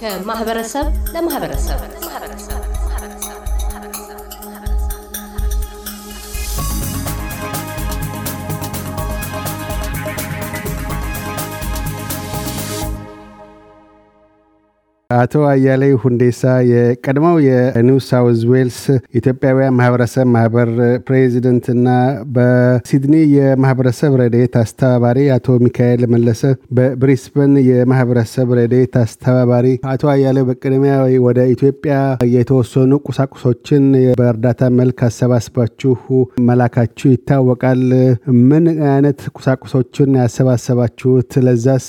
ከማህበረሰብ ለማህበረሰብ አቶ አያሌ ሁንዴሳ የቀድሞው የኒው ሳውዝ ዌልስ ኢትዮጵያውያን ማህበረሰብ ማህበር ፕሬዚደንት እና በሲድኒ የማህበረሰብ ረዴት አስተባባሪ፣ አቶ ሚካኤል መለሰ በብሪስበን የማህበረሰብ ረዴት አስተባባሪ። አቶ አያሌ በቅድሚያ ወደ ኢትዮጵያ የተወሰኑ ቁሳቁሶችን በእርዳታ መልክ አሰባስባችሁ መላካችሁ ይታወቃል። ምን አይነት ቁሳቁሶችን ያሰባሰባችሁት? ለዛስ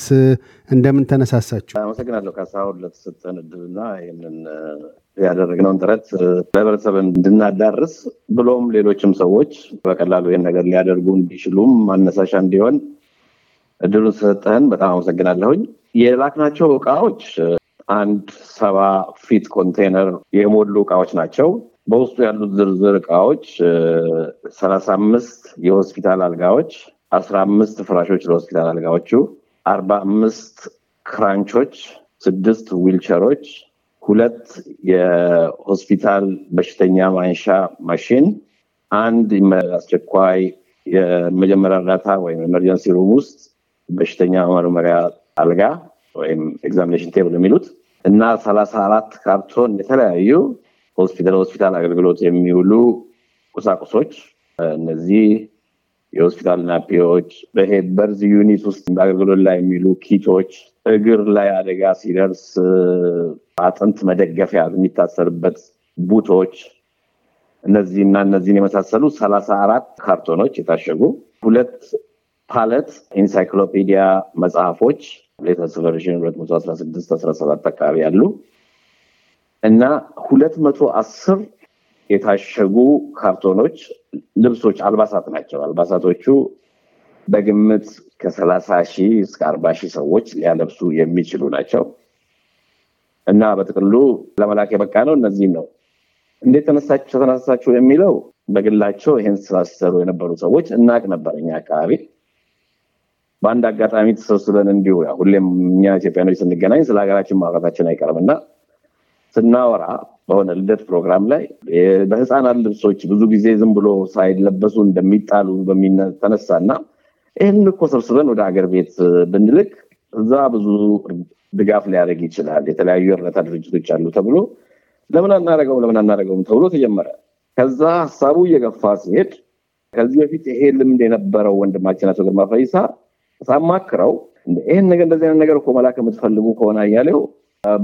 እንደምን ተነሳሳችሁ? አመሰግናለሁ ካሳሁን ለተሰጠን እድልና ይህንን ያደረግነውን ጥረት ለህብረተሰብ እንድናዳርስ ብሎም ሌሎችም ሰዎች በቀላሉ ይህን ነገር ሊያደርጉ እንዲችሉም ማነሳሻ እንዲሆን እድሉን ሰጠህን በጣም አመሰግናለሁኝ። የላክናቸው እቃዎች አንድ ሰባ ፊት ኮንቴነር የሞሉ እቃዎች ናቸው። በውስጡ ያሉት ዝርዝር እቃዎች ሰላሳ አምስት የሆስፒታል አልጋዎች፣ አስራ አምስት ፍራሾች ለሆስፒታል አልጋዎቹ አርባ አምስት ክራንቾች፣ ስድስት ዊልቸሮች፣ ሁለት የሆስፒታል በሽተኛ ማንሻ ማሽን፣ አንድ አስቸኳይ የመጀመሪያ እርዳታ ወይም ኤመርጀንሲ ሩም ውስጥ በሽተኛ መርመሪያ አልጋ ወይም ኤግዛሚኔሽን ቴብል የሚሉት እና ሰላሳ አራት ካርቶን የተለያዩ ሆስፒታል ሆስፒታል አገልግሎት የሚውሉ ቁሳቁሶች እነዚህ የሆስፒታል ናፔዎች በርዝ ዩኒት ውስጥ በአገልግሎት ላይ የሚሉ ኪቶች፣ እግር ላይ አደጋ ሲደርስ አጥንት መደገፊያ የሚታሰርበት ቡቶች፣ እነዚህና እነዚህን የመሳሰሉ ሰላሳ አራት ካርቶኖች የታሸጉ ሁለት ፓለት ኢንሳይክሎፔዲያ መጽሐፎች ሌተስ ቨርዥን 216 17 አካባቢ ያሉ እና ሁለት መቶ አስር የታሸጉ ካርቶኖች ልብሶች፣ አልባሳት ናቸው። አልባሳቶቹ በግምት ከሰላሳ ሺህ እስከ አርባ ሺህ ሰዎች ሊያለብሱ የሚችሉ ናቸው እና በጥቅሉ ለመላክ የበቃ ነው። እነዚህም ነው እንዴት ተነሳቸው ተነሳሳችሁ የሚለው በግላቸው ይህን ስራ ሲሰሩ የነበሩ ሰዎች እናቅ ነበር። እኛ አካባቢ በአንድ አጋጣሚ ተሰብስበን እንዲሁ ሁሌም እኛ ኢትዮጵያኖች ስንገናኝ ስለ ሀገራችን ማውራታችን አይቀርም እና ስናወራ በሆነ ልደት ፕሮግራም ላይ በህፃናት ልብሶች ብዙ ጊዜ ዝም ብሎ ሳይለበሱ እንደሚጣሉ እና ይህን እኮ ሰብስበን ወደ ሀገር ቤት ብንልክ እዛ ብዙ ድጋፍ ሊያደርግ ይችላል፣ የተለያዩ እርዳታ ድርጅቶች አሉ ተብሎ ለምን አናደርገውም ለምን አናደርገውም ተብሎ ተጀመረ። ከዛ ሀሳቡ እየገፋ ሲሄድ ከዚህ በፊት ይሄ ልምድ የነበረው ወንድማችን አቶ ግርማ ፈይሳ ሳማክረው ይህን ነገር እንደዚህ አይነት ነገር እኮ መላክ የምትፈልጉ ከሆነ እያለው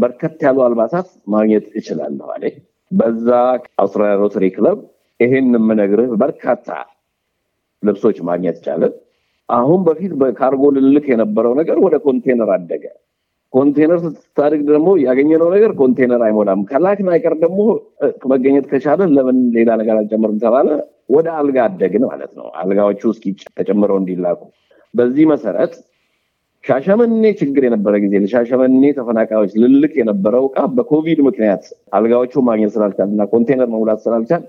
በርከት ያሉ አልባሳት ማግኘት እችላለሁ አለ። በዛ አውስትራሊያ ሮተሪ ክለብ ይህን የምነግርህ በርካታ ልብሶች ማግኘት ቻለን። አሁን በፊት በካርጎ ልልክ የነበረው ነገር ወደ ኮንቴነር አደገ። ኮንቴነር ስታድግ ደግሞ ያገኘነው ነገር ኮንቴነር አይሞላም። ከላክን አይቀር ደግሞ መገኘት ከቻለ ለምን ሌላ ነገር አልጨምርም ተባለ። ወደ አልጋ አደግን ማለት ነው። አልጋዎቹ እስኪ ተጨምረው እንዲላኩ በዚህ መሰረት ሻሸመኔ ችግር የነበረ ጊዜ ለሻሸመኔ ተፈናቃዮች ልልክ የነበረው እቃ በኮቪድ ምክንያት አልጋዎቹ ማግኘት ስላልቻል እና ኮንቴነር መሙላት ስላልቻል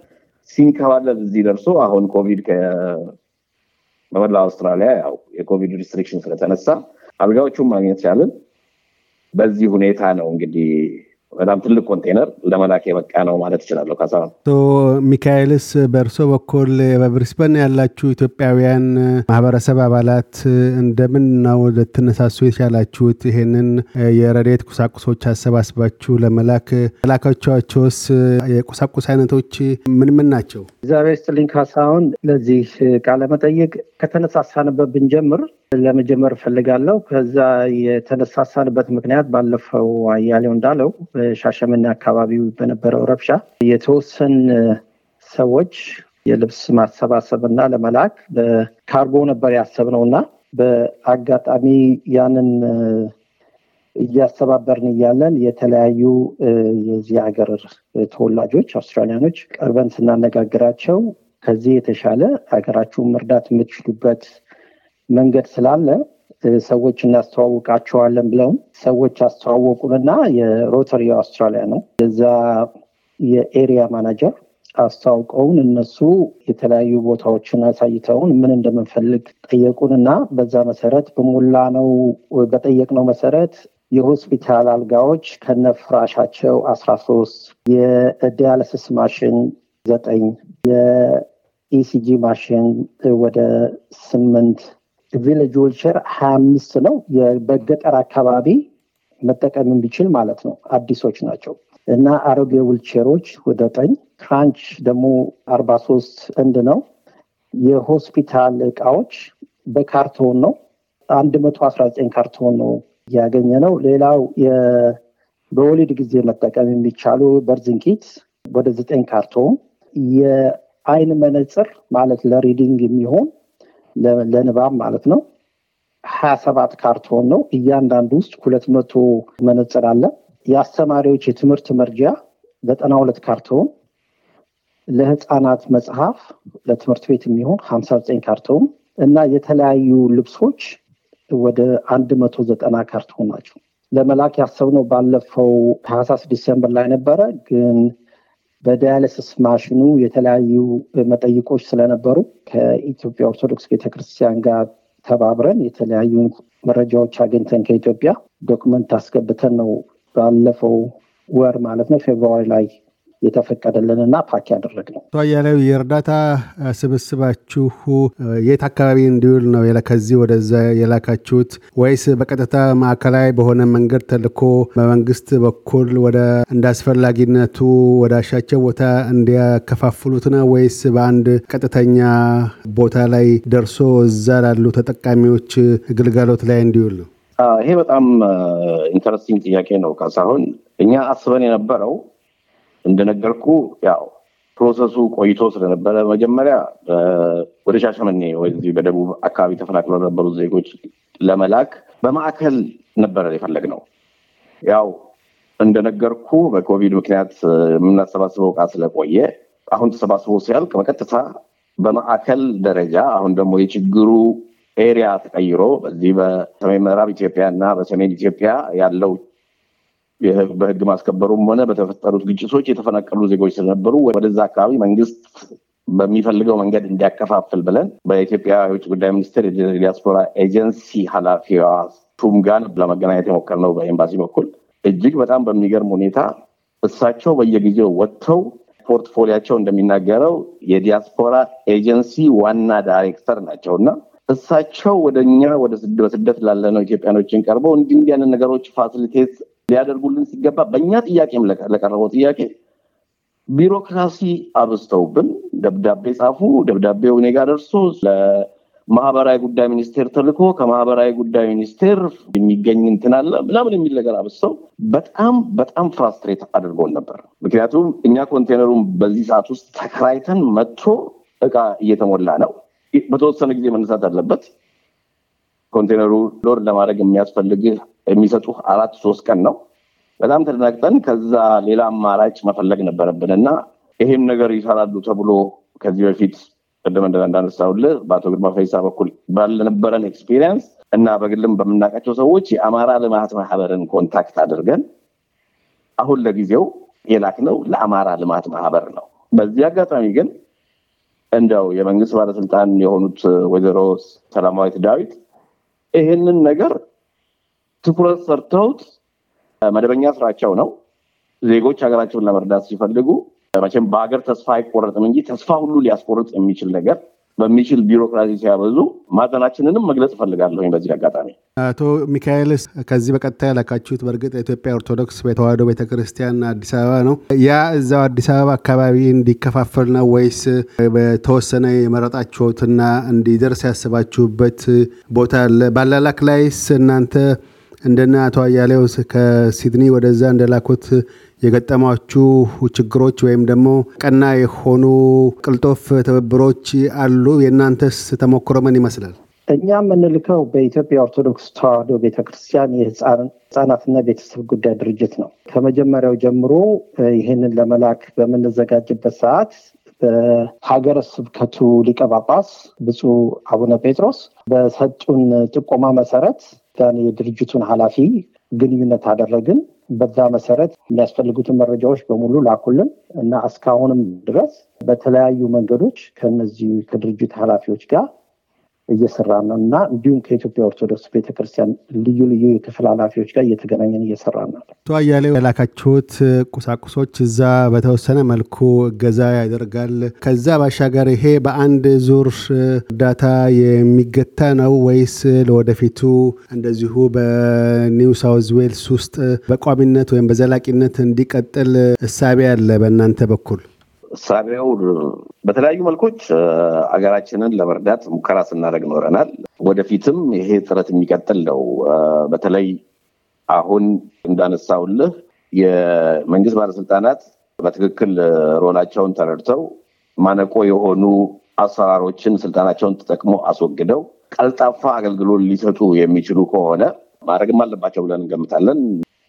ሲንከባለል እዚህ ደርሶ አሁን ኮቪድ በመላ አውስትራሊያ ያው የኮቪድ ሪስትሪክሽን ስለተነሳ አልጋዎቹን ማግኘት ቻልን። በዚህ ሁኔታ ነው እንግዲህ በጣም ትልቅ ኮንቴነር ለመላክ የበቃ ነው ማለት ይችላለሁ። ካሳሁን አቶ ሚካኤልስ በእርሶ በኩል በብሪስበን ያላችሁ ኢትዮጵያውያን ማህበረሰብ አባላት እንደምን ነው ልትነሳሱ የቻላችሁት? ይሄንን የረዴት ቁሳቁሶች አሰባስባችሁ ለመላክ መላካቸዋቸውስ የቁሳቁስ አይነቶች ምን ምን ናቸው? እግዚአብሔር ካሳሁን። ለዚህ ቃለመጠይቅ ከተነሳሳንበት ብንጀምር ለመጀመር ፈልጋለሁ። ከዛ የተነሳሳንበት ምክንያት ባለፈው አያሌው እንዳለው በሻሸመኔ አካባቢው በነበረው ረብሻ የተወሰን ሰዎች የልብስ ማሰባሰብ እና ለመላክ በካርጎ ነበር ያሰብነው እና በአጋጣሚ ያንን እያስተባበርን እያለን የተለያዩ የዚህ ሀገር ተወላጆች አውስትራሊያኖች ቀርበን ስናነጋግራቸው ከዚህ የተሻለ ሀገራችሁን መርዳት የምትችሉበት መንገድ ስላለ ሰዎች እናስተዋውቃቸዋለን ብለውም ሰዎች አስተዋወቁንና የሮተሪ አውስትራሊያ ነው የዛ የኤሪያ ማናጀር አስተዋውቀውን እነሱ የተለያዩ ቦታዎችን አሳይተውን ምን እንደምንፈልግ እና በዛ መሰረት በሞላ ነው በጠየቅነው መሰረት የሆስፒታል አልጋዎች ከነፍራሻቸው አስራ ሶስት የዲያለስስ ማሽን ዘጠኝ የኢሲጂ ማሽን ወደ ስምንት ቪሌጅ ዊልቸር ሀያ አምስት ነው በገጠር አካባቢ መጠቀም የሚችል ማለት ነው። አዲሶች ናቸው እና አሮጌ ውልቸሮች ዘጠኝ ክራንች ደግሞ አርባ ሶስት እንድ ነው። የሆስፒታል እቃዎች በካርቶን ነው አንድ መቶ አስራ ዘጠኝ ካርቶን ነው ያገኘ ነው። ሌላው በወሊድ ጊዜ መጠቀም የሚቻሉ በርዝንኪት ወደ ዘጠኝ ካርቶን የአይን መነፅር ማለት ለሪዲንግ የሚሆን ለንባብ ማለት ነው። ሀያ ሰባት ካርቶን ነው። እያንዳንዱ ውስጥ ሁለት መቶ መነጽር አለ። የአስተማሪዎች የትምህርት መርጃ ዘጠና ሁለት ካርቶን፣ ለህፃናት መጽሐፍ ለትምህርት ቤት የሚሆን ሀምሳ ዘጠኝ ካርቶን እና የተለያዩ ልብሶች ወደ አንድ መቶ ዘጠና ካርቶን ናቸው። ለመላክ ያሰብነው ባለፈው ታህሳስ ዲሴምበር ላይ ነበረ ግን በዳያለስስ ማሽኑ የተለያዩ መጠይቆች ስለነበሩ ከኢትዮጵያ ኦርቶዶክስ ቤተክርስቲያን ጋር ተባብረን የተለያዩ መረጃዎች አግኝተን ከኢትዮጵያ ዶክመንት አስገብተን ነው ባለፈው ወር ማለት ነው ፌብርዋሪ ላይ የተፈቀደልንና ፓክ ያደረግ ነው። አያሌው የእርዳታ ስብስባችሁ የት አካባቢ እንዲውል ነው ከዚህ ወደዛ የላካችሁት ወይስ በቀጥታ ማዕከላዊ በሆነ መንገድ ተልኮ በመንግስት በኩል ወደ እንዳስፈላጊነቱ ወደ አሻቸው ቦታ እንዲያከፋፍሉት ነው ወይስ በአንድ ቀጥተኛ ቦታ ላይ ደርሶ እዛ ላሉ ተጠቃሚዎች ግልጋሎት ላይ እንዲውል ነው? ይሄ በጣም ኢንተረስቲንግ ጥያቄ ነው ካሳሁን። እኛ አስበን የነበረው እንደነገርኩ ያው ፕሮሰሱ ቆይቶ ስለነበረ መጀመሪያ ወደ ሻሸመኔ ወደዚህ በደቡብ አካባቢ ተፈናቅለው ነበሩ ዜጎች ለመላክ በማዕከል ነበረ ነው ያው እንደነገርኩ በኮቪድ ምክንያት የምናሰባስበው እቃ ስለቆየ አሁን ተሰባስቦ ሲያልቅ በቀጥታ በማዕከል ደረጃ አሁን ደግሞ የችግሩ ኤሪያ ተቀይሮ በዚህ በሰሜን ምዕራብ ኢትዮጵያ እና በሰሜን ኢትዮጵያ ያለው በህግ ማስከበሩም ሆነ በተፈጠሩት ግጭቶች የተፈናቀሉ ዜጎች ስለነበሩ ወደዛ አካባቢ መንግስት በሚፈልገው መንገድ እንዲያከፋፍል ብለን በኢትዮጵያ የውጭ ጉዳይ ሚኒስቴር የዲያስፖራ ኤጀንሲ ኃላፊዋ ቱም ጋር ለመገናኘት የሞከርነው በኤምባሲ በኩል እጅግ በጣም በሚገርም ሁኔታ እሳቸው በየጊዜው ወጥተው ፖርትፎሊያቸው እንደሚናገረው የዲያስፖራ ኤጀንሲ ዋና ዳይሬክተር ናቸው እና እሳቸው ወደኛ ወደ ስደት ላለነው ኢትዮጵያኖችን ቀርበው እንዲህ እንዲህ ነገሮች ፋሲሊቴት ሊያደርጉልን ሲገባ በእኛ ጥያቄም ለቀረበው ጥያቄ ቢሮክራሲ አብዝተውብን ደብዳቤ ጻፉ። ደብዳቤው እኔ ጋር ደርሶ ለማህበራዊ ጉዳይ ሚኒስቴር ተልኮ ከማህበራዊ ጉዳይ ሚኒስቴር የሚገኝ እንትን አለ ምናምን የሚል ነገር አብዝተው በጣም በጣም ፍራስትሬት አድርጎን ነበር። ምክንያቱም እኛ ኮንቴነሩን በዚህ ሰዓት ውስጥ ተከራይተን መጥቶ እቃ እየተሞላ ነው። በተወሰነ ጊዜ መነሳት አለበት። ኮንቴነሩ ሎድ ለማድረግ የሚያስፈልግህ የሚሰጡ አራት ሶስት ቀን ነው። በጣም ተደናግጠን ከዛ ሌላ አማራጭ መፈለግ ነበረብን እና ይህም ነገር ይሰራሉ ተብሎ ከዚህ በፊት ቅድም እንዳነሳውል በአቶ ግርማ ፈይሳ በኩል ባልነበረን ኤክስፒሪየንስ እና በግልም በምናውቃቸው ሰዎች የአማራ ልማት ማህበርን ኮንታክት አድርገን አሁን ለጊዜው የላክነው ለአማራ ልማት ማህበር ነው። በዚህ አጋጣሚ ግን እንደው የመንግስት ባለስልጣን የሆኑት ወይዘሮ ሰላማዊት ዳዊት ይህንን ነገር ትኩረት ሰርተውት መደበኛ ስራቸው ነው። ዜጎች ሀገራቸውን ለመርዳት ሲፈልጉ መቼም በሀገር ተስፋ አይቆረጥም እንጂ ተስፋ ሁሉ ሊያስቆርጥ የሚችል ነገር በሚችል ቢሮክራሲ ሲያበዙ ማዘናችንንም መግለጽ እፈልጋለሁ በዚህ አጋጣሚ። አቶ ሚካኤልስ ከዚህ በቀጥታ ያላካችሁት በእርግጥ የኢትዮጵያ ኦርቶዶክስ ተዋሕዶ ቤተክርስቲያን አዲስ አበባ ነው። ያ እዛው አዲስ አበባ አካባቢ እንዲከፋፈል ነው ወይስ በተወሰነ የመረጣችሁትና እንዲደርስ ያስባችሁበት ቦታ አለ? ባላላክ ላይስ እናንተ እንደነ አቶ አያሌው ከሲድኒ ወደዛ እንደላኩት የገጠማችሁ ችግሮች ወይም ደግሞ ቀና የሆኑ ቅልጦፍ ትብብሮች አሉ? የእናንተስ ተሞክሮ ምን ይመስላል? እኛ የምንልከው በኢትዮጵያ ኦርቶዶክስ ተዋህዶ ቤተክርስቲያን የህፃናትና ቤተሰብ ጉዳይ ድርጅት ነው። ከመጀመሪያው ጀምሮ ይህንን ለመላክ በምንዘጋጅበት ሰዓት በሀገረ ስብከቱ ሊቀ ጳጳስ ብፁዕ አቡነ ጴጥሮስ በሰጡን ጥቆማ መሰረት የድርጅቱን ኃላፊ ግንኙነት አደረግን። በዛ መሰረት የሚያስፈልጉትን መረጃዎች በሙሉ ላኩልን እና እስካሁንም ድረስ በተለያዩ መንገዶች ከነዚህ ከድርጅት ኃላፊዎች ጋር እየሰራን ነው እና እንዲሁም ከኢትዮጵያ ኦርቶዶክስ ቤተክርስቲያን ልዩ ልዩ ክፍል ኃላፊዎች ጋር እየተገናኘን እየሰራን ነው። አቶ አያሌው የላካችሁት ቁሳቁሶች እዛ በተወሰነ መልኩ እገዛ ያደርጋል። ከዛ ባሻገር ይሄ በአንድ ዙር እርዳታ የሚገታ ነው ወይስ ለወደፊቱ እንደዚሁ በኒው ሳውዝ ዌልስ ውስጥ በቋሚነት ወይም በዘላቂነት እንዲቀጥል እሳቤ አለ በእናንተ በኩል? ሳቢያው በተለያዩ መልኮች አገራችንን ለመርዳት ሙከራ ስናደርግ ኖረናል። ወደፊትም ይሄ ጥረት የሚቀጥል ነው። በተለይ አሁን እንዳነሳውልህ የመንግስት ባለስልጣናት በትክክል ሮላቸውን ተረድተው ማነቆ የሆኑ አሰራሮችን ስልጣናቸውን ተጠቅሞ አስወግደው ቀልጣፋ አገልግሎት ሊሰጡ የሚችሉ ከሆነ ማድረግም አለባቸው ብለን እንገምታለን።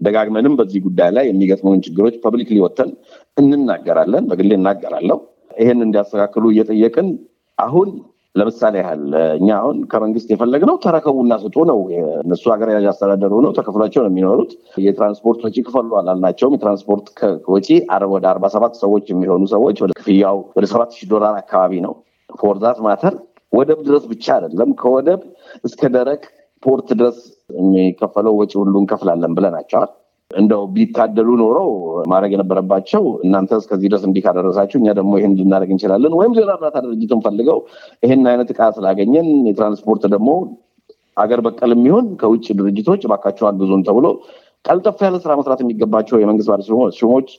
ደጋግመንም በዚህ ጉዳይ ላይ የሚገጥመውን ችግሮች ፐብሊክሊ ሊወተን እንናገራለን። በግሌ እናገራለሁ። ይህን እንዲያስተካክሉ እየጠየቅን አሁን ለምሳሌ ያህል እኛ አሁን ከመንግስት ነው ተረከቡና ስጡ ነው። እነሱ ሀገር ያ አስተዳደሩ ነው ተከፍሏቸው ነው የሚኖሩት። የትራንስፖርት ወጪ ክፈሉ አላልናቸውም። የትራንስፖርት ወጪ ወደ አርባ ሰባት ሰዎች የሚሆኑ ሰዎች ወደ ክፍያው ወደ ሰባት ሺህ ዶላር አካባቢ ነው። ፎርዛት ማተር ወደብ ድረስ ብቻ አይደለም ከወደብ እስከ ደረቅ ፖርት ድረስ የሚከፈለው ወጪ ሁሉ እንከፍላለን ብለናቸዋል። እንደው ቢታደሉ ኖሮ ማድረግ የነበረባቸው እናንተ እስከዚህ ድረስ እንዲህ ካደረሳችሁ እኛ ደግሞ ይህን ልናደርግ እንችላለን፣ ወይም ሌላ እርዳታ ድርጅትን ፈልገው ይህን አይነት እቃ ስላገኘን የትራንስፖርት ደግሞ አገር በቀል የሚሆን ከውጭ ድርጅቶች እባካችሁ አግዙን ተብሎ ቀልጠፍ ያለ ስራ መስራት የሚገባቸው የመንግስት ባለስልጣኖች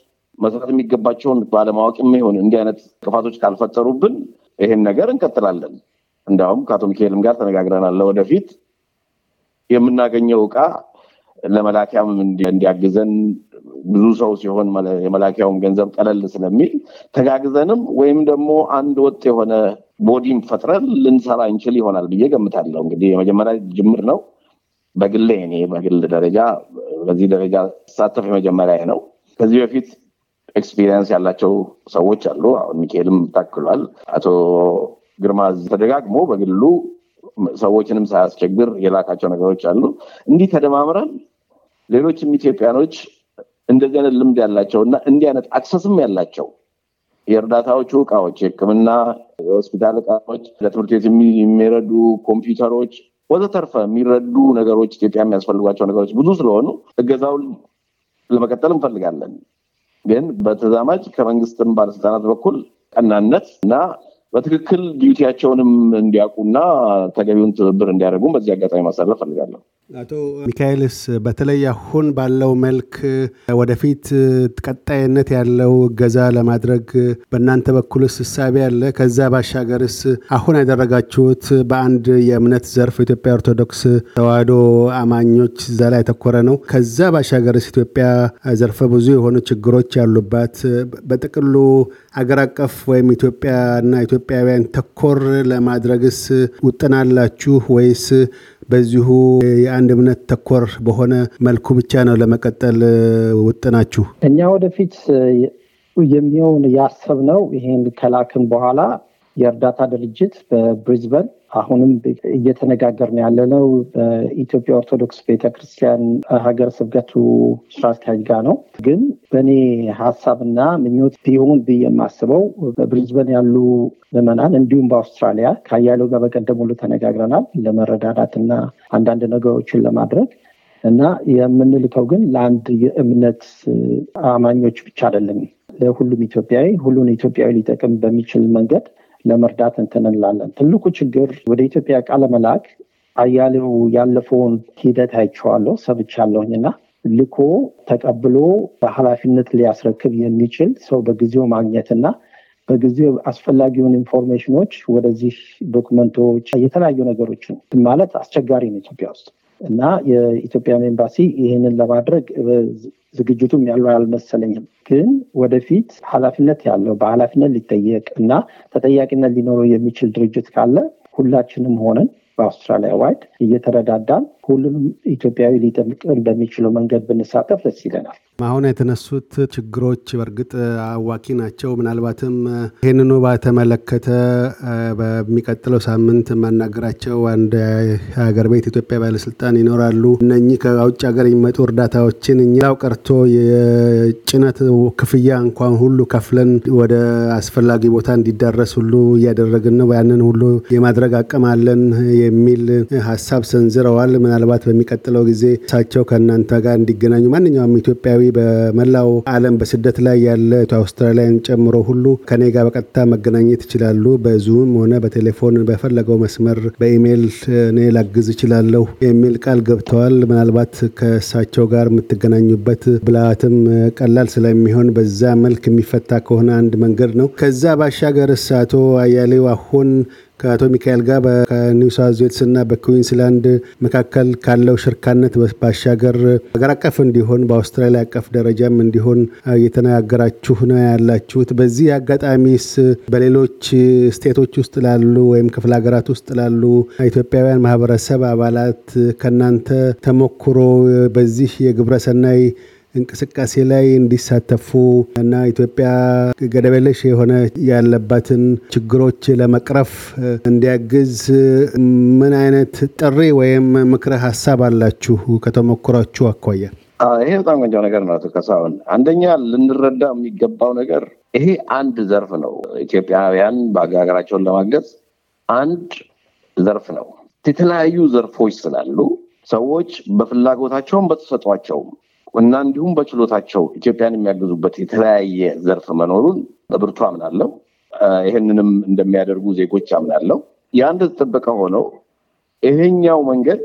መስራት የሚገባቸውን ባለማወቅ የሚሆን እንዲህ አይነት ጥፋቶች ካልፈጠሩብን ይህን ነገር እንቀጥላለን። እንዲያውም ከአቶ ሚካኤልም ጋር ተነጋግረናል። ወደፊት የምናገኘው እቃ ለመላኪያም እንዲያግዘን ብዙ ሰው ሲሆን የመላኪያውም ገንዘብ ቀለል ስለሚል ተጋግዘንም ወይም ደግሞ አንድ ወጥ የሆነ ቦዲም ፈጥረን ልንሰራ እንችል ይሆናል ብዬ ገምታለሁ። እንግዲህ የመጀመሪያ ጅምር ነው። በግሌ እኔ በግል ደረጃ በዚህ ደረጃ ሳተፍ የመጀመሪያ ነው። ከዚህ በፊት ኤክስፒሪንስ ያላቸው ሰዎች አሉ። አሁን ሚካኤልም ታክሏል። አቶ ግርማ ተደጋግሞ በግሉ ሰዎችንም ሳያስቸግር የላካቸው ነገሮች አሉ። እንዲህ ተደማምረን ሌሎችም ኢትዮጵያኖች እንደዚህ አይነት ልምድ ያላቸው እና እንዲህ አይነት አክሰስም ያላቸው የእርዳታዎቹ እቃዎች፣ የህክምና የሆስፒታል እቃዎች፣ ለትምህርት ቤት የሚረዱ ኮምፒውተሮች፣ ወዘተርፈ የሚረዱ ነገሮች ኢትዮጵያ የሚያስፈልጓቸው ነገሮች ብዙ ስለሆኑ እገዛውን ለመቀጠል እንፈልጋለን። ግን በተዛማጅ ከመንግስትም ባለስልጣናት በኩል ቀናነት እና በትክክል ዲዩቲያቸውንም እንዲያውቁና ተገቢውን ትብብር እንዲያደርጉም በዚህ አጋጣሚ ማሳለፍ ፈልጋለሁ። አቶ ሚካኤልስ በተለይ አሁን ባለው መልክ ወደፊት ቀጣይነት ያለው እገዛ ለማድረግ በእናንተ በኩልስ እሳቤ አለ? ከዛ ባሻገርስ አሁን ያደረጋችሁት በአንድ የእምነት ዘርፍ ኢትዮጵያ ኦርቶዶክስ ተዋህዶ አማኞች እዛ ላይ ያተኮረ ነው። ከዛ ባሻገርስ ኢትዮጵያ ዘርፈ ብዙ የሆኑ ችግሮች ያሉባት በጥቅሉ አገር አቀፍ ወይም ኢትዮጵያና ኢትዮጵያውያን ተኮር ለማድረግስ ውጥናላችሁ ወይስ በዚሁ የአንድ እምነት ተኮር በሆነ መልኩ ብቻ ነው ለመቀጠል ውጥናችሁ? እኛ ወደፊት የሚሆን ያሰብነው ይሄን ከላክን በኋላ የእርዳታ ድርጅት በብሪዝበን አሁንም እየተነጋገርን ያለነው በኢትዮጵያ ኦርቶዶክስ ቤተክርስቲያን ሀገር ስብከቱ ስራ አስኪያጅ ጋር ነው። ግን በእኔ ሀሳብና ምኞት ቢሆን ብዬ የማስበው በብሪዝበን ያሉ ምዕመናን እንዲሁም በአውስትራሊያ ከአያሌው ጋር በቀደም ሁሉ ተነጋግረናል ለመረዳዳትና አንዳንድ ነገሮችን ለማድረግ እና የምንልከው ግን ለአንድ የእምነት አማኞች ብቻ አይደለም፣ ለሁሉም ኢትዮጵያዊ ሁሉን ኢትዮጵያዊ ሊጠቅም በሚችል መንገድ ለመርዳት እንትን እንላለን። ትልቁ ችግር ወደ ኢትዮጵያ ዕቃ ለመላክ አያሌው ያለፈውን ሂደት አይቼዋለሁ ሰብቻለሁኝ እና ልኮ ተቀብሎ በኃላፊነት ሊያስረክብ የሚችል ሰው በጊዜው ማግኘትና በጊዜው አስፈላጊውን ኢንፎርሜሽኖች ወደዚህ ዶክመንቶች የተለያዩ ነገሮችን ማለት አስቸጋሪ ነው ኢትዮጵያ ውስጥ። እና የኢትዮጵያን ኤምባሲ ይህንን ለማድረግ ዝግጅቱም ያለው አልመሰለኝም። ግን ወደፊት ኃላፊነት ያለው በኃላፊነት ሊጠየቅ እና ተጠያቂነት ሊኖረው የሚችል ድርጅት ካለ ሁላችንም ሆነን በአውስትራሊያ ዋይድ እየተረዳዳን ሁሉንም ኢትዮጵያዊ ሊጠብቅ በሚችለው መንገድ ብንሳተፍ ደስ ይለናል። አሁን የተነሱት ችግሮች በእርግጥ አዋኪ ናቸው። ምናልባትም ይህንኑ በተመለከተ በሚቀጥለው ሳምንት የማናገራቸው አንድ ሀገር ቤት ኢትዮጵያ ባለስልጣን ይኖራሉ። እነኚህ ከውጭ ሀገር የሚመጡ እርዳታዎችን እኛው ቀርቶ የጭነት ክፍያ እንኳን ሁሉ ከፍለን ወደ አስፈላጊ ቦታ እንዲዳረስ ሁሉ እያደረግን ነው። ያንን ሁሉ የማድረግ አቅም አለን የሚል ሀሳብ ሰንዝረዋል። ምናልባት በሚቀጥለው ጊዜ እሳቸው ከእናንተ ጋር እንዲገናኙ ማንኛውም ኢትዮጵያዊ በመላው ዓለም በስደት ላይ ያለ አውስትራሊያን ጨምሮ ሁሉ ከኔ ጋር በቀጥታ መገናኘት ይችላሉ። በዙም ሆነ በቴሌፎን በፈለገው መስመር በኢሜይል እኔ ላግዝ ይችላለሁ የሚል ቃል ገብተዋል። ምናልባት ከእሳቸው ጋር የምትገናኙበት ብልሃትም ቀላል ስለሚሆን በዛ መልክ የሚፈታ ከሆነ አንድ መንገድ ነው። ከዛ ባሻገር እሳቶ አያሌው አሁን ከአቶ ሚካኤል ጋር ከኒው ሳውዝ ዌልስ እና በኩዊንስላንድ መካከል ካለው ሽርካነት ባሻገር ሀገር አቀፍ እንዲሆን በአውስትራሊያ አቀፍ ደረጃም እንዲሆን እየተነጋገራችሁ ነው ያላችሁት። በዚህ አጋጣሚስ በሌሎች ስቴቶች ውስጥ ላሉ ወይም ክፍለ ሀገራት ውስጥ ላሉ ኢትዮጵያውያን ማህበረሰብ አባላት ከእናንተ ተሞክሮ በዚህ የግብረሰናይ እንቅስቃሴ ላይ እንዲሳተፉ እና ኢትዮጵያ ገደብ የለሽ የሆነ ያለባትን ችግሮች ለመቅረፍ እንዲያግዝ ምን አይነት ጥሪ ወይም ምክረ ሀሳብ አላችሁ ከተሞክሯችሁ አኳያ? ይሄ በጣም ቆንጆ ነገር ነው ከሳሁን አንደኛ ልንረዳ የሚገባው ነገር ይሄ አንድ ዘርፍ ነው። ኢትዮጵያውያን በሀገራቸውን ለማገዝ አንድ ዘርፍ ነው። የተለያዩ ዘርፎች ስላሉ ሰዎች በፍላጎታቸውም በተሰጧቸውም እና እንዲሁም በችሎታቸው ኢትዮጵያን የሚያግዙበት የተለያየ ዘርፍ መኖሩን በብርቱ አምናለሁ። ይህንንም እንደሚያደርጉ ዜጎች አምናለው። ያ እንደተጠበቀ ሆነው ይሄኛው መንገድ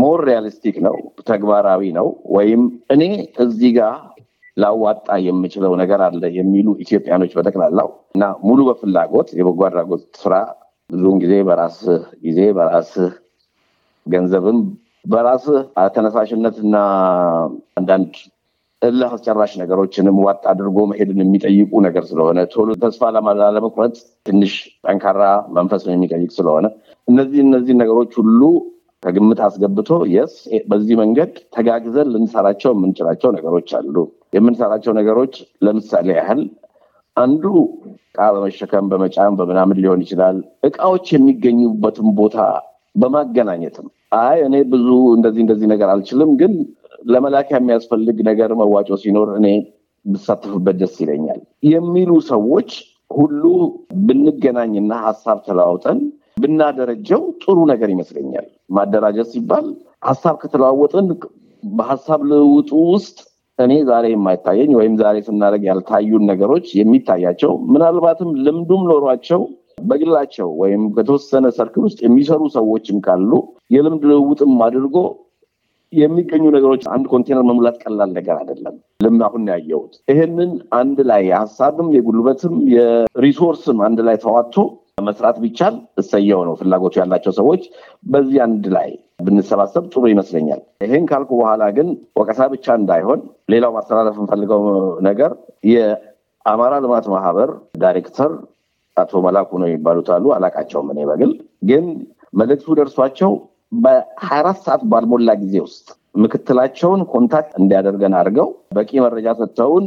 ሞር ሪያሊስቲክ ነው፣ ተግባራዊ ነው። ወይም እኔ እዚህ ጋር ላዋጣ የምችለው ነገር አለ የሚሉ ኢትዮጵያኖች በጠቅላላው እና ሙሉ በፍላጎት የበጎ አድራጎት ስራ ብዙውን ጊዜ በራስህ ጊዜ በራስህ ገንዘብም በራስህ ተነሳሽነትና አንዳንድ እልህ አስጨራሽ ነገሮችንም ዋጥ አድርጎ መሄድን የሚጠይቁ ነገር ስለሆነ ቶሎ ተስፋ ላለመቁረጥ ትንሽ ጠንካራ መንፈስ ነው የሚጠይቅ ስለሆነ እነዚህ እነዚህ ነገሮች ሁሉ ከግምት አስገብቶ የስ በዚህ መንገድ ተጋግዘን ልንሰራቸው የምንችላቸው ነገሮች አሉ። የምንሰራቸው ነገሮች ለምሳሌ ያህል አንዱ እቃ በመሸከም በመጫም በምናምን ሊሆን ይችላል። እቃዎች የሚገኙበትን ቦታ በማገናኘትም አይ እኔ ብዙ እንደዚህ እንደዚህ ነገር አልችልም፣ ግን ለመላኪያ የሚያስፈልግ ነገር መዋጮ ሲኖር እኔ ብሳተፍበት ደስ ይለኛል የሚሉ ሰዎች ሁሉ ብንገናኝና ሀሳብ ተለዋውጠን ብናደረጀው ጥሩ ነገር ይመስለኛል። ማደራጀት ሲባል ሀሳብ ከተለዋወጥን በሀሳብ ልውጡ ውስጥ እኔ ዛሬ የማይታየኝ ወይም ዛሬ ስናደርግ ያልታዩን ነገሮች የሚታያቸው ምናልባትም ልምዱም ኖሯቸው በግላቸው ወይም በተወሰነ ሰርክል ውስጥ የሚሰሩ ሰዎችም ካሉ የልምድ ልውውጥም አድርጎ የሚገኙ ነገሮች አንድ ኮንቴነር መሙላት ቀላል ነገር አይደለም። ልም አሁን ያየሁት ይህንን አንድ ላይ የሀሳብም የጉልበትም የሪሶርስም አንድ ላይ ተዋቶ መስራት ቢቻል እሰየው ነው። ፍላጎቱ ያላቸው ሰዎች በዚህ አንድ ላይ ብንሰባሰብ ጥሩ ይመስለኛል። ይህን ካልኩ በኋላ ግን ወቀሳ ብቻ እንዳይሆን ሌላው ማስተላለፍ የምፈልገው ነገር የአማራ ልማት ማህበር ዳይሬክተር አቶ መላኩ ነው የሚባሉት አሉ። አላቃቸውም እኔ በግል ግን መልእክቱ ደርሷቸው በሀያ አራት ሰዓት ባልሞላ ጊዜ ውስጥ ምክትላቸውን ኮንታክት እንዲያደርገን አድርገው በቂ መረጃ ሰጥተውን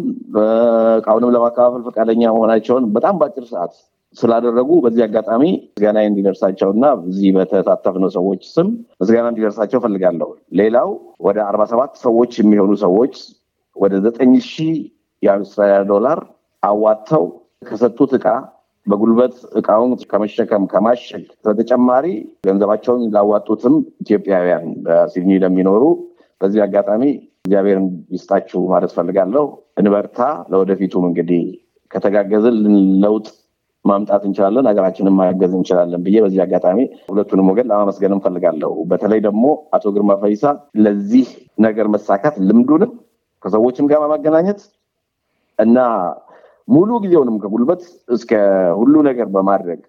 እቃውንም ለማከፋፈል ፈቃደኛ መሆናቸውን በጣም በአጭር ሰዓት ስላደረጉ በዚህ አጋጣሚ ምስጋና እንዲደርሳቸው እና እዚህ በተሳተፍነው ሰዎች ስም ምስጋና እንዲደርሳቸው ፈልጋለሁ። ሌላው ወደ አርባ ሰባት ሰዎች የሚሆኑ ሰዎች ወደ ዘጠኝ ሺህ የአውስትራሊያ ዶላር አዋጥተው ከሰጡት እቃ በጉልበት እቃውን ከመሸከም ከማሸግ በተጨማሪ ገንዘባቸውን ላዋጡትም ኢትዮጵያውያን በሲድኒ ለሚኖሩ በዚህ አጋጣሚ እግዚአብሔርን ይስጣችሁ ማለት ፈልጋለሁ። እንበርታ። ለወደፊቱም እንግዲህ ከተጋገዝን ለውጥ ማምጣት እንችላለን፣ ሀገራችንን ማገዝ እንችላለን ብዬ በዚህ አጋጣሚ ሁለቱንም ወገን ለማመስገን እንፈልጋለሁ። በተለይ ደግሞ አቶ ግርማ ፈይሳ ለዚህ ነገር መሳካት ልምዱንም ከሰዎችም ጋር ማገናኘት እና ሙሉ ጊዜውንም ከጉልበት እስከ ሁሉ ነገር በማድረግ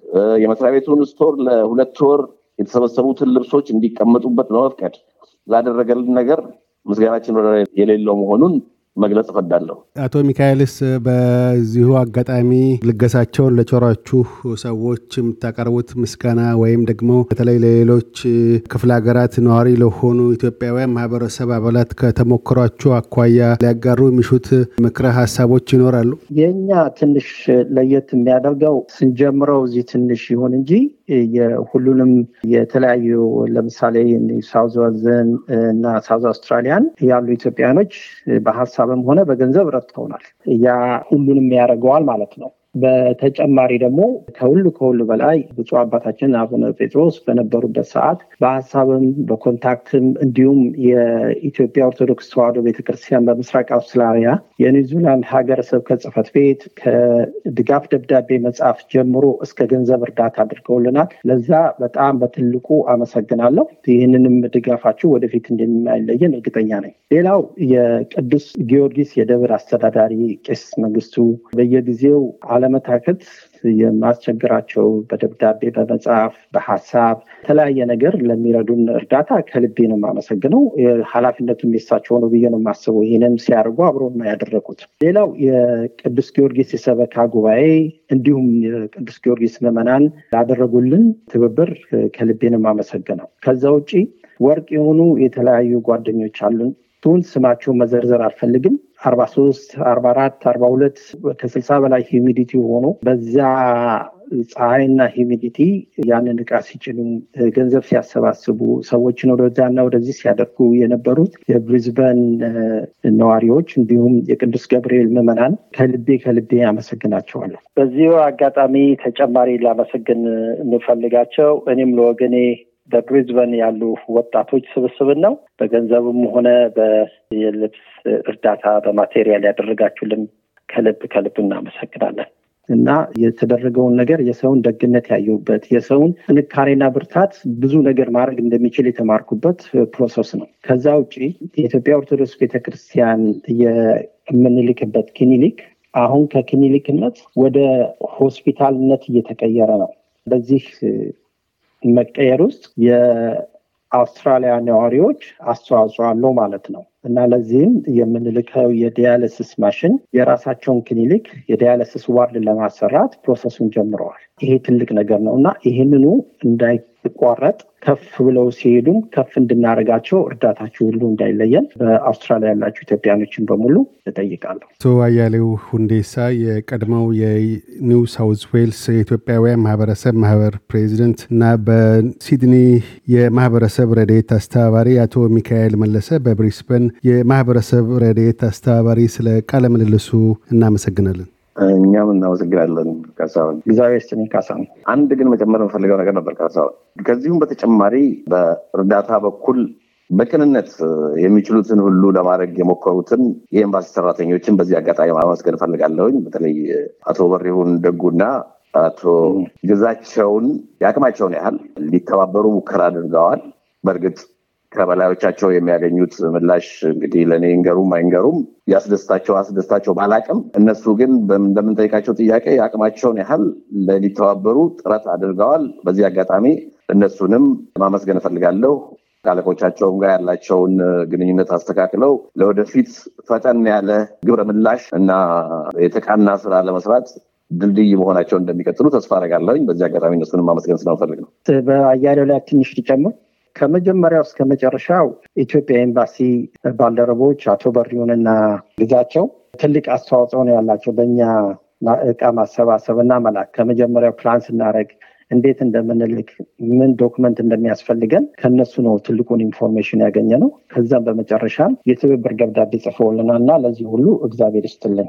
የመስሪያ ቤቱን ስቶር ለሁለት ወር የተሰበሰቡትን ልብሶች እንዲቀመጡበት በመፍቀድ ላደረገልን ነገር ምስጋናችን የሌለው መሆኑን መግለጽ እፈዳለሁ። አቶ ሚካኤልስ በዚሁ አጋጣሚ ልገሳቸውን ለቸሯችሁ ሰዎች የምታቀርቡት ምስጋና ወይም ደግሞ በተለይ ለሌሎች ክፍለ ሀገራት ነዋሪ ለሆኑ ኢትዮጵያውያን ማህበረሰብ አባላት ከተሞክሯችሁ አኳያ ሊያጋሩ የሚሹት ምክረ ሀሳቦች ይኖራሉ? የኛ ትንሽ ለየት የሚያደርገው ስንጀምረው እዚህ ትንሽ ይሁን እንጂ የሁሉንም የተለያዩ ለምሳሌ ሳውዝ ወዝን እና ሳውዝ አውስትራሊያን ያሉ ኢትዮጵያኖች በሀሳብም ሆነ በገንዘብ ረድተውናል። ያ ሁሉንም ያደርገዋል ማለት ነው። በተጨማሪ ደግሞ ከሁሉ ከሁሉ በላይ ብፁ አባታችን አቡነ ጴጥሮስ በነበሩበት ሰዓት በሀሳብም በኮንታክትም እንዲሁም የኢትዮጵያ ኦርቶዶክስ ተዋህዶ ቤተክርስቲያን በምስራቅ አውስትራሊያ የኒውዚላንድ ሀገረ ስብከት ጽሕፈት ቤት ከድጋፍ ደብዳቤ መጽሐፍ ጀምሮ እስከ ገንዘብ እርዳታ አድርገውልናል። ለዛ በጣም በትልቁ አመሰግናለሁ። ይህንንም ድጋፋችሁ ወደፊት እንደሚያለየን እርግጠኛ ነኝ። ሌላው የቅዱስ ጊዮርጊስ የደብር አስተዳዳሪ ቄስ መንግስቱ በየጊዜው አለ ለመታከት የማስቸግራቸው በደብዳቤ በመጽሐፍ በሀሳብ የተለያየ ነገር ለሚረዱን እርዳታ ከልቤ ነው የማመሰግነው። ሀላፊነቱ የሳቸው ነው ብዬ ነው የማስበው። ይህንም ሲያደርጉ አብሮ ነው ያደረጉት። ሌላው የቅዱስ ጊዮርጊስ የሰበካ ጉባኤ እንዲሁም የቅዱስ ጊዮርጊስ ምዕመናን ላደረጉልን ትብብር ከልቤ ነው የማመሰግነው። ከዛ ውጭ ወርቅ የሆኑ የተለያዩ ጓደኞች አሉን። ስማቸው መዘርዘር አልፈልግም። አርባ ሶስት አርባ አራት አርባ ሁለት ከስልሳ በላይ ሂሚዲቲ ሆኖ በዛ ፀሐይና ሂሚዲቲ ያንን እቃ ሲጭኑ ገንዘብ ሲያሰባስቡ ሰዎችን ወደዛና ወደዚህ ሲያደርጉ የነበሩት የብሪዝበን ነዋሪዎች እንዲሁም የቅዱስ ገብርኤል ምዕመናን ከልቤ ከልቤ አመሰግናቸዋለሁ። በዚሁ አጋጣሚ ተጨማሪ ላመሰግን እንፈልጋቸው እኔም ለወገኔ በብሪዝበን ያሉ ወጣቶች ስብስብን ነው። በገንዘብም ሆነ በየልብስ እርዳታ በማቴሪያል ያደረጋችሁልን ከልብ ከልብ እናመሰግናለን። እና የተደረገውን ነገር የሰውን ደግነት ያየሁበት የሰውን ጥንካሬና ብርታት ብዙ ነገር ማድረግ እንደሚችል የተማርኩበት ፕሮሰስ ነው። ከዛ ውጭ የኢትዮጵያ ኦርቶዶክስ ቤተክርስቲያን የምንልክበት ክሊኒክ አሁን ከክሊኒክነት ወደ ሆስፒታልነት እየተቀየረ ነው። በዚህ መቀየር ውስጥ የአውስትራሊያ ነዋሪዎች አስተዋጽኦ አለው ማለት ነው እና ለዚህም የምንልከው የዲያለሲስ ማሽን የራሳቸውን ክሊኒክ የዲያለሲስ ዋርድ ለማሰራት ፕሮሰሱን ጀምረዋል። ይሄ ትልቅ ነገር ነው እና ይህንኑ እንዳይ ሲቋረጥ ከፍ ብለው ሲሄዱም ከፍ እንድናደርጋቸው እርዳታችሁ ሁሉ እንዳይለየን በአውስትራሊያ ያላችሁ ኢትዮጵያኖችን በሙሉ እጠይቃለሁ። አቶ አያሌው ሁንዴሳ የቀድሞው የኒው ሳውዝ ዌልስ የኢትዮጵያውያን ማህበረሰብ ማህበር ፕሬዚደንት እና በሲድኒ የማህበረሰብ ረድኤት አስተባባሪ፣ አቶ ሚካኤል መለሰ በብሪስበን የማህበረሰብ ረድኤት አስተባባሪ፣ ስለ ቃለ ምልልሱ እናመሰግናለን። እኛም እናመሰግናለን ካሳሁን። እግዚአብሔር ይስጥልኝ ካሳሁን። አንድ ግን መጨመር የምፈልገው ነገር ነበር ካሳሁን። ከዚሁም በተጨማሪ በእርዳታ በኩል በቅንነት የሚችሉትን ሁሉ ለማድረግ የሞከሩትን የኤምባሲ ሰራተኞችን በዚህ አጋጣሚ ማመስገን እፈልጋለሁኝ። በተለይ አቶ በሪሁን ደጉና አቶ ግዛቸውን የአቅማቸውን ያህል ሊተባበሩ ሙከራ አድርገዋል። በእርግጥ ከበላዮቻቸው የሚያገኙት ምላሽ እንግዲህ ለእኔ እንገሩም አይንገሩም ያስደስታቸው አስደስታቸው ባላቅም፣ እነሱ ግን እንደምንጠይቃቸው ጥያቄ አቅማቸውን ያህል ለሊተባበሩ ጥረት አድርገዋል። በዚህ አጋጣሚ እነሱንም ማመስገን እፈልጋለሁ። ከአለቆቻቸውም ጋር ያላቸውን ግንኙነት አስተካክለው ለወደፊት ፈጠን ያለ ግብረ ምላሽ እና የተቃና ስራ ለመስራት ድልድይ መሆናቸውን እንደሚቀጥሉ ተስፋ አደርጋለሁኝ። በዚህ አጋጣሚ እነሱንም ማመስገን ስለምፈልግ ነው። በአያሌው ላይ ትንሽ ሊጨምር ከመጀመሪያው እስከ መጨረሻው ኢትዮጵያ ኤምባሲ ባልደረቦች አቶ በሪውንና ልጃቸው ትልቅ አስተዋጽኦ ነው ያላቸው በእኛ እቃ ማሰባሰብ እና መላክ ከመጀመሪያው ፕላን ስናደረግ እንዴት እንደምንልክ ምን ዶክመንት እንደሚያስፈልገን ከነሱ ነው ትልቁን ኢንፎርሜሽን ያገኘ ነው። ከዛም በመጨረሻ የትብብር ደብዳቤ ጽፈውልናል እና ለዚህ ሁሉ እግዚአብሔር ይስጥልን።